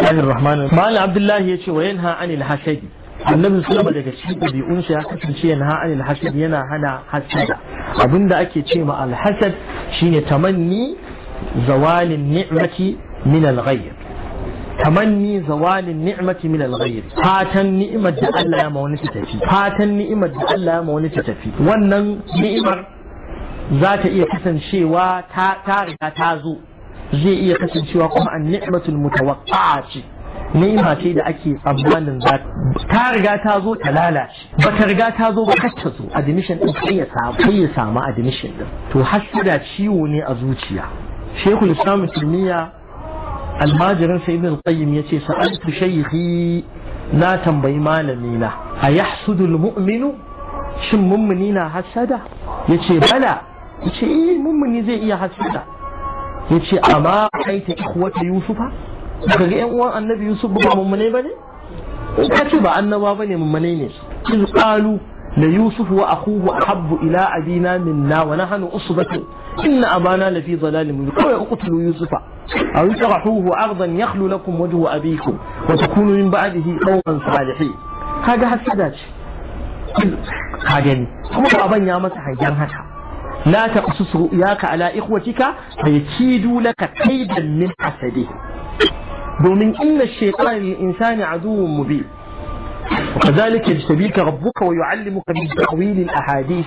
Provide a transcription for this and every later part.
الله الرحمن مال عبد الله يشي وينهى عن الحسد annabi sallama daga cikin ɗabi'un shi ya kasance yana ha'anil hasad yana hana hasada abinda ake ce ma alhasad shine tamanni zawalin ni'mati min alghayr tamanni zawalin ni'mati min alghayr fatan ni'imar da Allah ya ma wani ta tafi fatan da Allah ya ma wani ta tafi wannan ni'mar za ta iya kasancewa ta ta riga ta zo zai iya kasancewa kuma an ni'matul mutawaqqa ce ni'ima ce da ake tsammanin za ta riga ta zo ta lalace ba ta riga ta zo ba kacce zo admission din kai ya samu kai ya samu admission din to hasada ciwo ne a zuciya shekul islam timiya almajirin sayyidin al-qayyim yace sa'altu shaykhi na tambayi malami na ayahsudul mu'minu shin mummuni na hasada yace bala yace eh mummuni zai iya hasada ya ce amma kai aita ikhwata yusufa ka ga yan uwan annabi yusuf ba mummune bane in ka ce ba annaba ba bane mummune ne in qalu la yusuf wa a habbu ila abina min minna wa nahnu usbatu inna abana lafi dhalalin mubin kawai uqtulu yusufa A aw yusrahuhu ardan yakhlu lakum wajhu abikum wa takunu hi ba'dihi qawman salihin kaga hasada ce kaga ni kuma baban ya masa hangen haka لا تقصص رؤياك على إخوتك فيكيدوا لك كيدا من حسده ومن إن الشيطان للإنسان عدو مبين وكذلك يجتبيك ربك ويعلمك من تأويل الأحاديث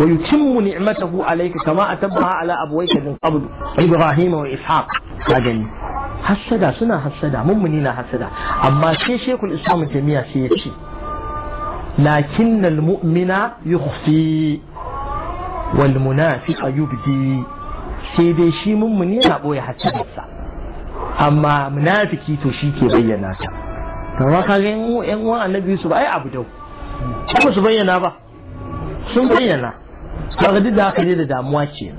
ويتم نعمته عليك كما أتمها على أبويك من قبل إبراهيم وإسحاق هذا حسدا suna حسدا mummuni na hassada amma sai شيخ islam jami'a sai ya ce wal munafiq yubdi sai dai shi mummuni yana boye hasadarsa amma munafiki to shi ke bayyana ta amma kaga yan uwan annabi Yusuf ai abu dau kuma su bayyana ba sun bayyana kaga duk da haka ne da damuwa ce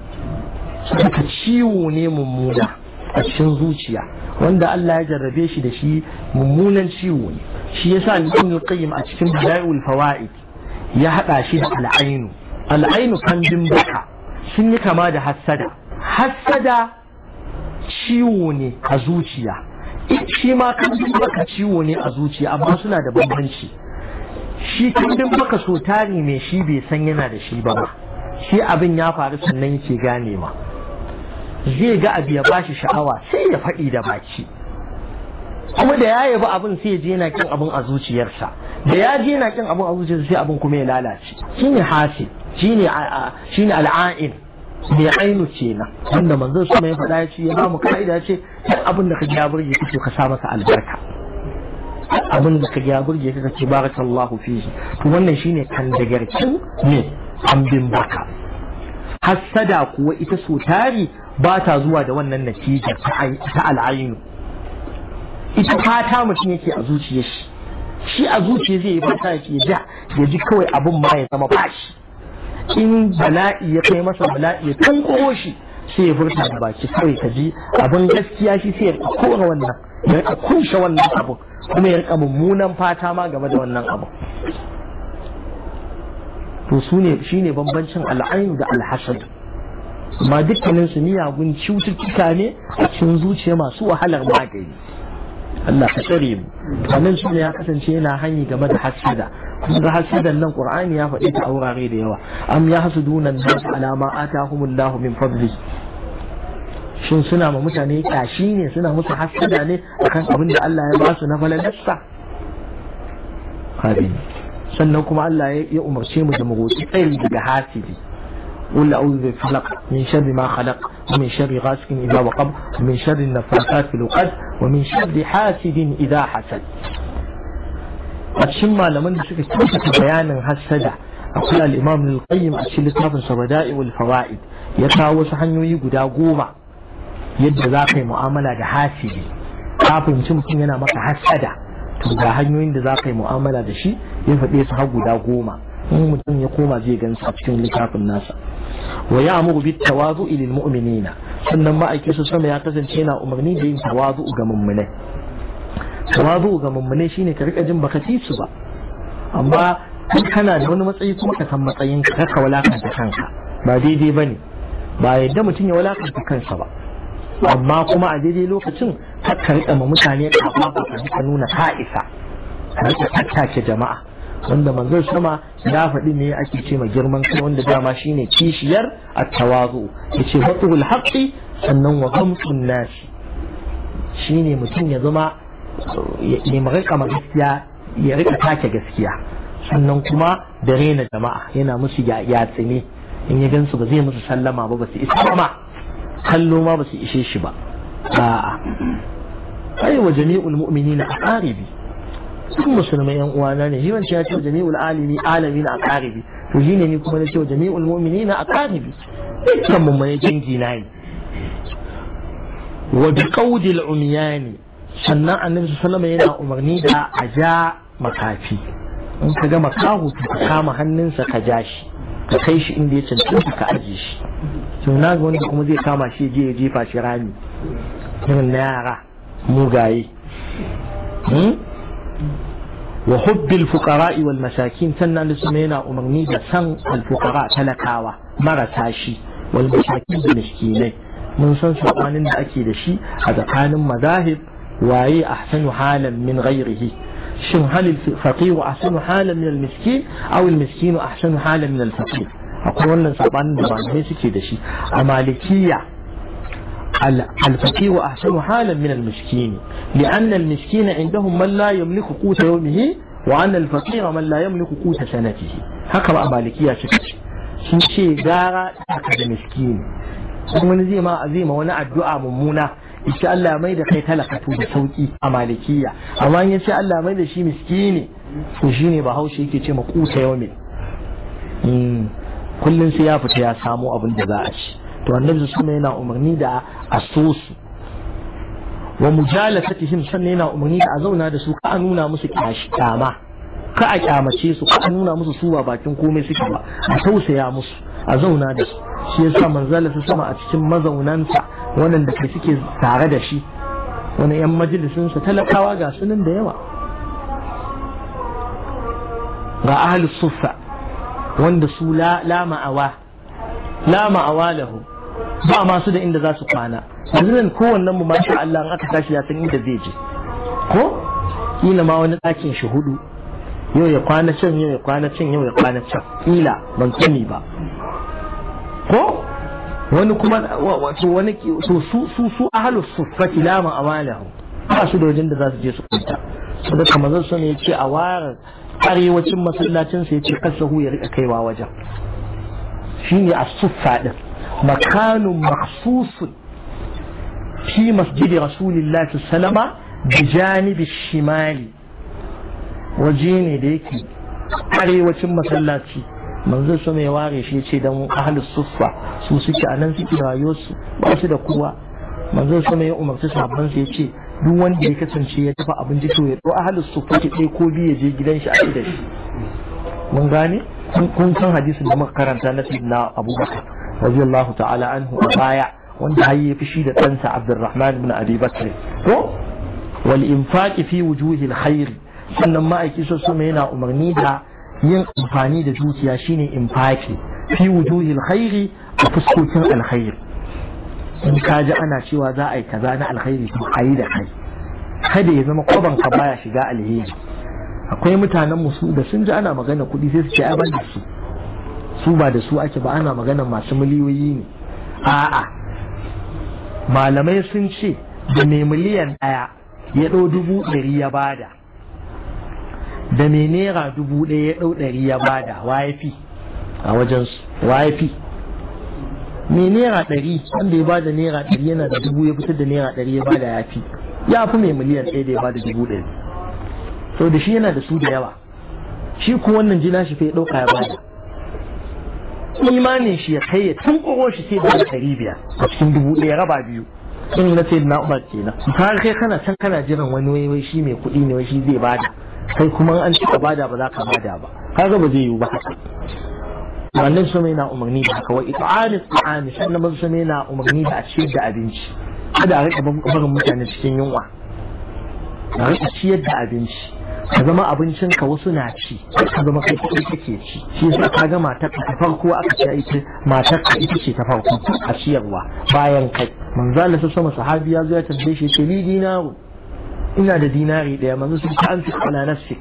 suka ciwo ne mummuna a cikin zuciya wanda Allah ya jarrabe shi da shi mummunan ciwo ne shi yasa ibn qayyim a cikin bidayul fawaid ya hada shi da al'ainu al'ainu kambin baka sun yi kama da hassada hassada ciwo ne a zuciya shi ma kambin baka ciwo ne a zuciya amma suna da bambanci shi kandin baka so tari mai shi bai san yana da shi ba shi abin ya faru sannan yake gane ma zai ga abu ya bashi sha'awa sai ya faɗi da baki kuma da ya yabi abin sai ya je na kin abin a zuciyarsa da ya je na kin abin a zuciyarsa sai abin kuma ya lalace ne hasi shine shine al'ain mai ainu na? wanda manzon su mai faɗa ya ba mu ka'ida ce duk abin da ka ya burge kake ka sa masa albarka abin da ka ya burge ka ce barakallahu fihi to wannan shine kan dagarkin ne an bin baka hassada kuwa ita so tari ba ta zuwa da wannan natija ta al'ainu ita fata mutum yake a zuciyar shi shi a zuciya zai yi fata ya ji kawai abin ma ya zama bashi in bala'i ya kai masa bala'i ya tankoro shi sai ya furta da baki kawai ka ji abin gaskiya shi sai ya kora wannan ya rika kunshe wannan abu kuma ya rika mummunan fata ma game da wannan abu to su ne shi ne bambancin al'ain da alhasad ma dukkanin su miyagun cututtuka ne a cikin zuciya masu wahalar magani Allah ka tsare mu wannan shi ne ya kasance yana hanyi game da hasada هذا قرآن يا فإن تأورا غير يوا أم يحسدون الناس على ما آتاهم الله من فضله شن سنة ما مساني كاشيني سنة مسحسد يعني أخان أبن الله يباس نفل نفسا خابين سنوكم الله يأمر شيء مجموغوس إلي بحاسدي قل أعوذ بفلق من شر ما خلق ومن شر غاسق إذا وقب ومن شر النفاقات في الوقت ومن شر حاسد إذا حسد a cikin malaman da suka kyautata bayanin hassada akwai al-imam al-qayyim a cikin littafin sa bada'iul fawaid ya kawo wasu hanyoyi guda goma yadda za ka yi mu'amala da hasidi kafin mutum yana maka hassada to ga hanyoyin da za ka yi mu'amala da shi ya faɗe su har guda goma in mutum ya koma zai gan a cikin littafin nasa wa ya amuru bit tawazu lil mu'minina sannan ma'aikin su sama ya kasance yana umarni da yin tawazu ga mummunai Tawazu ga mummune shine ka rika jin baka ci su ba amma in kana da wani matsayi kuma ka san matsayin ka ka walakanta kanka ba daidai bane ba yadda mutum ya walakanta kansa ba amma kuma a daidai lokacin har ka rika ma mutane kafa ba ka nuna ka isa ka rika tattake jama'a wanda manzon sama ya faɗi ne ake ce ma girman kai wanda dama shine kishiyar at-tawazu yace waqul haqqi sannan wa ghamsun nasi shine mutum ya zama ya gaskiya ya rika take gaskiya sannan kuma da rena jama'a yana musu ya tsini in ya gansu ba zai musu sallama ba ba su isa ma kallo ma ba su ishe shi ba a'a ai wa jami'ul mu'minina aqaribi sun musulmai yan uwana ne shi ya ce jami'ul alimi na aqaribi to shine ni kuma na ce jami'ul mu'minina aqaribi dukkan mu mai jingi na ne wa biqawdil umyani sannan annabi sallama yana umarni da a ja makafi in ka ga makahu ka kama hannunsa ka ja shi ka kai shi inda ya cancanta ka aje shi to na ga wanda kuma zai kama shi je ya jefa shi rami irin na yara mugaye hmm? wa hubbil fuqara'i wal masakin sannan da yana umarni da san al fuqara talakawa marasa shi wal masakin da miskinai mun san sabanin da ake da shi a tsakanin mazahib واي احسن حالا من غيره شنو هل الفقير احسن حالا من المسكين او المسكين احسن حالا من الفقير اقول لنا صعبان دبان هي امالكية الفقير احسن حالا من المسكين لان المسكين عندهم من لا يملك قوت يومه وان الفقير من لا يملك قوت سنته هكذا امالكية شكرا شنو شي غارة مسكين ومن زي ما زي ما ونعد دعاء ممونه yace Allah mai da kai talakatu da sauki a malikiya amma yace Allah mai da shi miskini to shine bahaushe yake ce makusa yaumin hmm. kullum sai ya fita ya samo abin da za a ci to annabi mai yana umarni da asusu wa mujalasatihim sannan yana umarni da a zauna da su ka a nuna musu kyama ka a kyamace su ka a nuna musu su ba bakin komai suke ba a tausaya musu a zauna da su shi yasa manzala su sama a cikin mazaunansa waɗanda ka suke tare da shi wani 'yan majalisunsa talakawa ga sunan da yawa ga ahalus suffa wanda su la ma'awa la ma'awa lahu ba masu da inda za su kwana yanzu nan kowannen mu masha Allah aka tashi ya san inda zai je ko ila ma wani ɗakin shi hudu yau ya kwana can yau ya kwana can yau ya kwana can kila ban sani ba ko wani kuma wato wani ke so su su su ahlus suffati la ma amalahu ba su da wajen da za su je su kunta da kamar zan sani yace a warar arewacin masallacin sa yace hu ya rika kaiwa wajen shine a suffa din makanun makhsusun fi masjidi rasulillahi sallama bijanibi shimali waje da yake arewacin masallaci manzo su mai ware shi ce dan ahlus suffa su suke a nan suke rayuwar ba su da kowa manzo su mai umarci sabban su yace duk wanda ya kasance ya tafi abinci to ya to ahlus suffa ke dai ko bi ya je gidan shi a ci da shi mun gane kun san hadisin da muka karanta na sayyidina Abubakar radiyallahu ta'ala anhu a baya wanda har ya fishi da ɗansa Abdurrahman ibn Abi Bakr to wal infaqi fi wujuhil khair sannan ma'aiki sosai yana umarni da yin amfani da zuciya shine infaki fi wujuhil khairi a fuskokin alkhairi in ka ji ana cewa za a yi kaza na alkhairi to a da kai kada ya zama kwaban ka baya shiga alheri akwai mutanen musu da sun ji ana magana kuɗi sai su ce ai ban da su su ba da su ake ba ana magana masu miliyoyi ne a'a malamai sun ce da mai miliyan ɗaya ya ɗau dubu ɗari ya bada da mai naira dubu ɗaya ya ɗau ɗari ya bada waye a wajen su mai naira ɗari wanda ya bada naira ɗari yana da dubu ya fitar da naira ɗari ya bada ya fi ya fi mai miliyan ɗaya da ya bada dubu ɗari to da shi yana da su da yawa shi ko wannan jina shi fa ya ɗauka ya bada imanin shi ya kai ya ƙoro shi sai da ɗari biyar a cikin dubu ɗaya raba biyu in na sai na umar kenan har kai kana can kana jiran wani wai shi mai kuɗi ne wai shi zai bada kai kuma an cika bada ba za ka bada ba kaga ba zai yiwu ba haka wannan su mai na umarni da haka wa ita'ani ta'ani sannan mazu su mai na umarni da a ciyar da abinci kada a rika barin mutane cikin yunwa a rika ciyar da abinci ka zama abincin ka wasu na ci ka zama kai kai kake ci shi yasa ka ga matar ka farko aka ce ita matar ka ita ce ta farko a ciyarwa bayan kai manzo Allah sama sahabi ya zo ya tambaye shi ce ni ina da dinari ɗaya manzo sun ci an fi ala nafsi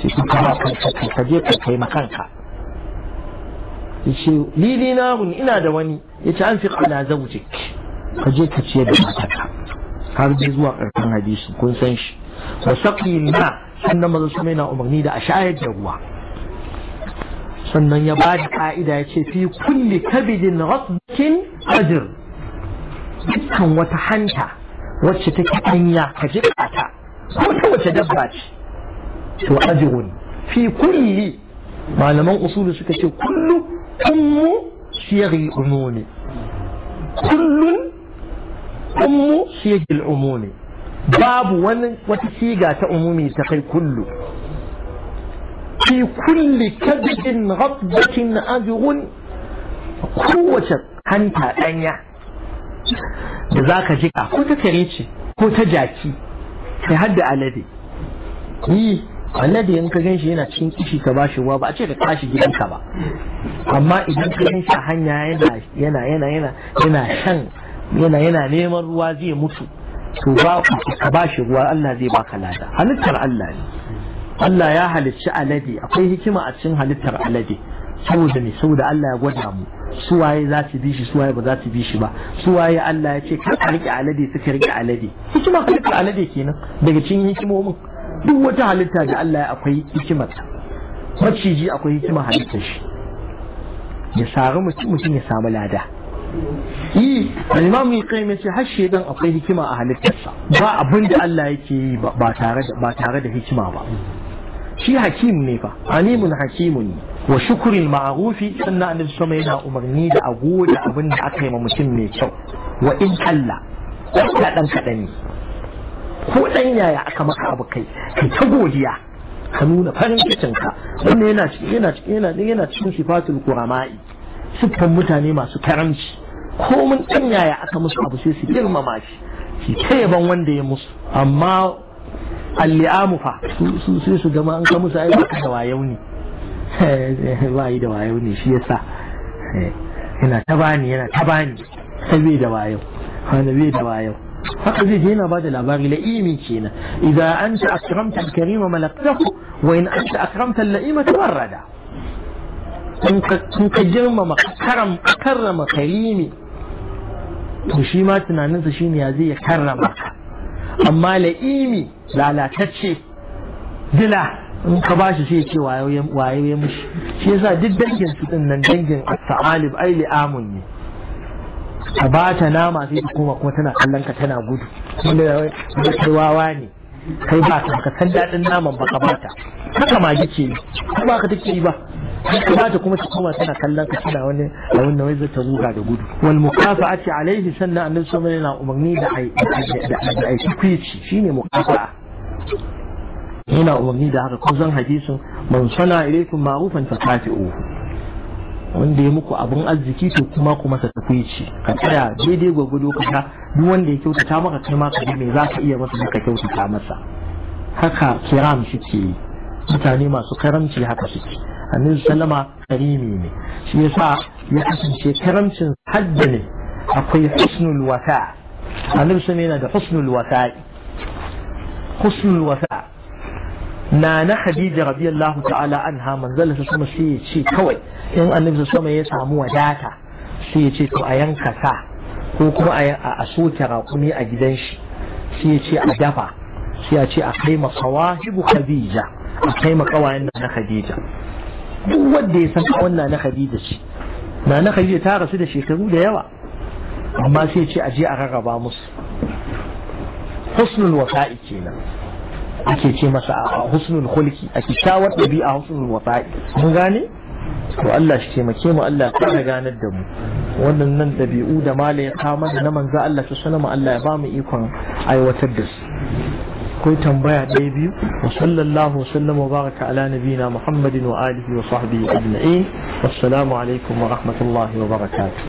sai su kama kanka ka je ka kai makanka yace li dinarun ina da wani Ya yace an fi ala zawjik ka je ka ciyar da matarka har dai zuwa ƙarfin hadisi kun san shi wa saqi ma sannan manzo sun na umarni da a shayar da ruwa sannan ya ba da ka'ida ya ce fi kulli kabidin rasbikin ajr dukkan wata hanta wacce take hanya ka ji ta ko ta wace dabba ce to ajrun fi kulli malaman usulu suka ce kullu ummu siyaghi umumi kullun ummu siyaghi umumi babu wani wata siga ta umumi ta kai kullu fi kulli kabidin ghabdatin ajrun kowace hanta danya da za ka jika ko ta kare ce ko ta jaki kai har alade yi alade in ka gan shi yana cikin kishi ka bashi ruwa ba a ce ka kashi gidanka ba amma idan ka gan shi a hanya yana yana yana yana shan yana yana neman ruwa zai mutu to ba ka bashi ruwa Allah zai baka lada halittar Allah ne Allah ya halicci alade akwai hikima a cikin halittar alade saboda ne saboda Allah ya gwada mu suwaye za su bi shi suwaye ba za su bi shi ba suwaye Allah ya ce kar a rike alade suka rike alade hikima ka rike alade kenan daga cikin hikimomin duk wata halitta da Allah ya akwai hikimar maciji akwai hikimar halittar shi ya sari mutum mutum ya samu lada yi al-imam kai mai yace har shedan akwai hikima a halittarsa ba abin da Allah yake yi ba tare da hikima ba shi hakim ne fa alimun Hakimu ne. wa shukurin ma'arufi sannan annabi sama yana umarni da a goda abin da aka yi ma mutum mai kyau wa in kalla kalla dan kaɗa ne ko dan yaya aka maka abu kai kai ta godiya ka nuna farin cikin ka wannan yana yana yana yana cikin sifatul qurama'i siffan mutane masu karamci ko mun dan yaya aka musu abu sai su girmama shi ki ta yaban wanda ya musu amma اللئامفا سو سو جماعة أنكم سائر دوايوني واي دوايوني شيء سا هنا تباني هنا تباني سبي دوايو هذا بي دوايو فقد جينا بعد الأبار إلى إيمينشينا إذا أنت أكرمت الكريم ملكته وإن أنت أكرمت اللئيم تبردا kun ka girmama karrama karimi to shi ma tunaninsa shi ne ya zai ya karrama ka amma la'imi lalatacce dila in ka bashi sai ce waye ya mushi shi yasa duk dangin su din nan dangin sa'alib ai li'amun ne a ba ta nama sai ta koma kuma tana kallon ka tana gudu wanda kai wawa ne kai ba ka san daɗin naman ba ka bata haka magi ce ba ka take yi ba kamata kuma ta koma tana kallon ka suna wani a wani zai zata ruga da gudu wal mukafa'ati alaihi sannan annabi sallallahu alaihi wasallam umarni da ai da ai kuici shine mukafa'a umarni da haka kun san hadisin man sana ilaikum ma'rufan fakafi'u wanda ya muku abin arziki to kuma kuma ka tafici ka tsaya daidai gwagwado ka ta duk wanda ya kyautata maka kai ma ka za ka iya masa ka kyautata masa haka kiram shi ke yi mutane masu karamci haka suke annabi sallama karimi ne shi yasa ya kasance karamcin hajji ne akwai husnul wata annabi sallama yana da husnul wata husnul wata na na khadija radiyallahu ta'ala anha manzala sa sama sai ya ce kawai in annabi sama ya samu wadata sai ya ce to a yanka sa ko kuma a soke raƙumi a gidan shi sai ya ce a dafa sai ya ce a kai masawahibu khadija a kai makawayen na Khadija duk wanda ya san kawon na na Khadija ce na na Khadija ta rasu da shekaru da yawa amma sai ce aje a rarraba musu husnul wasa'i kenan ake ce masa a husnul hulki a kishawar a husnul wata'i. mun gane to Allah shi taimake mu Allah ya ganar da mu wannan nan dabi'u da mala ya kama na manzo Allah sallallahu alaihi Allah ya ba mu ikon aiwatar da su akwai tambaya ɗaya biyu wa sallallahu wasallam wa baraka ala nabina muhammadin wa alihi wa sahbihi ajma'in wassalamu alaikum wa rahmatullahi wa barakatuh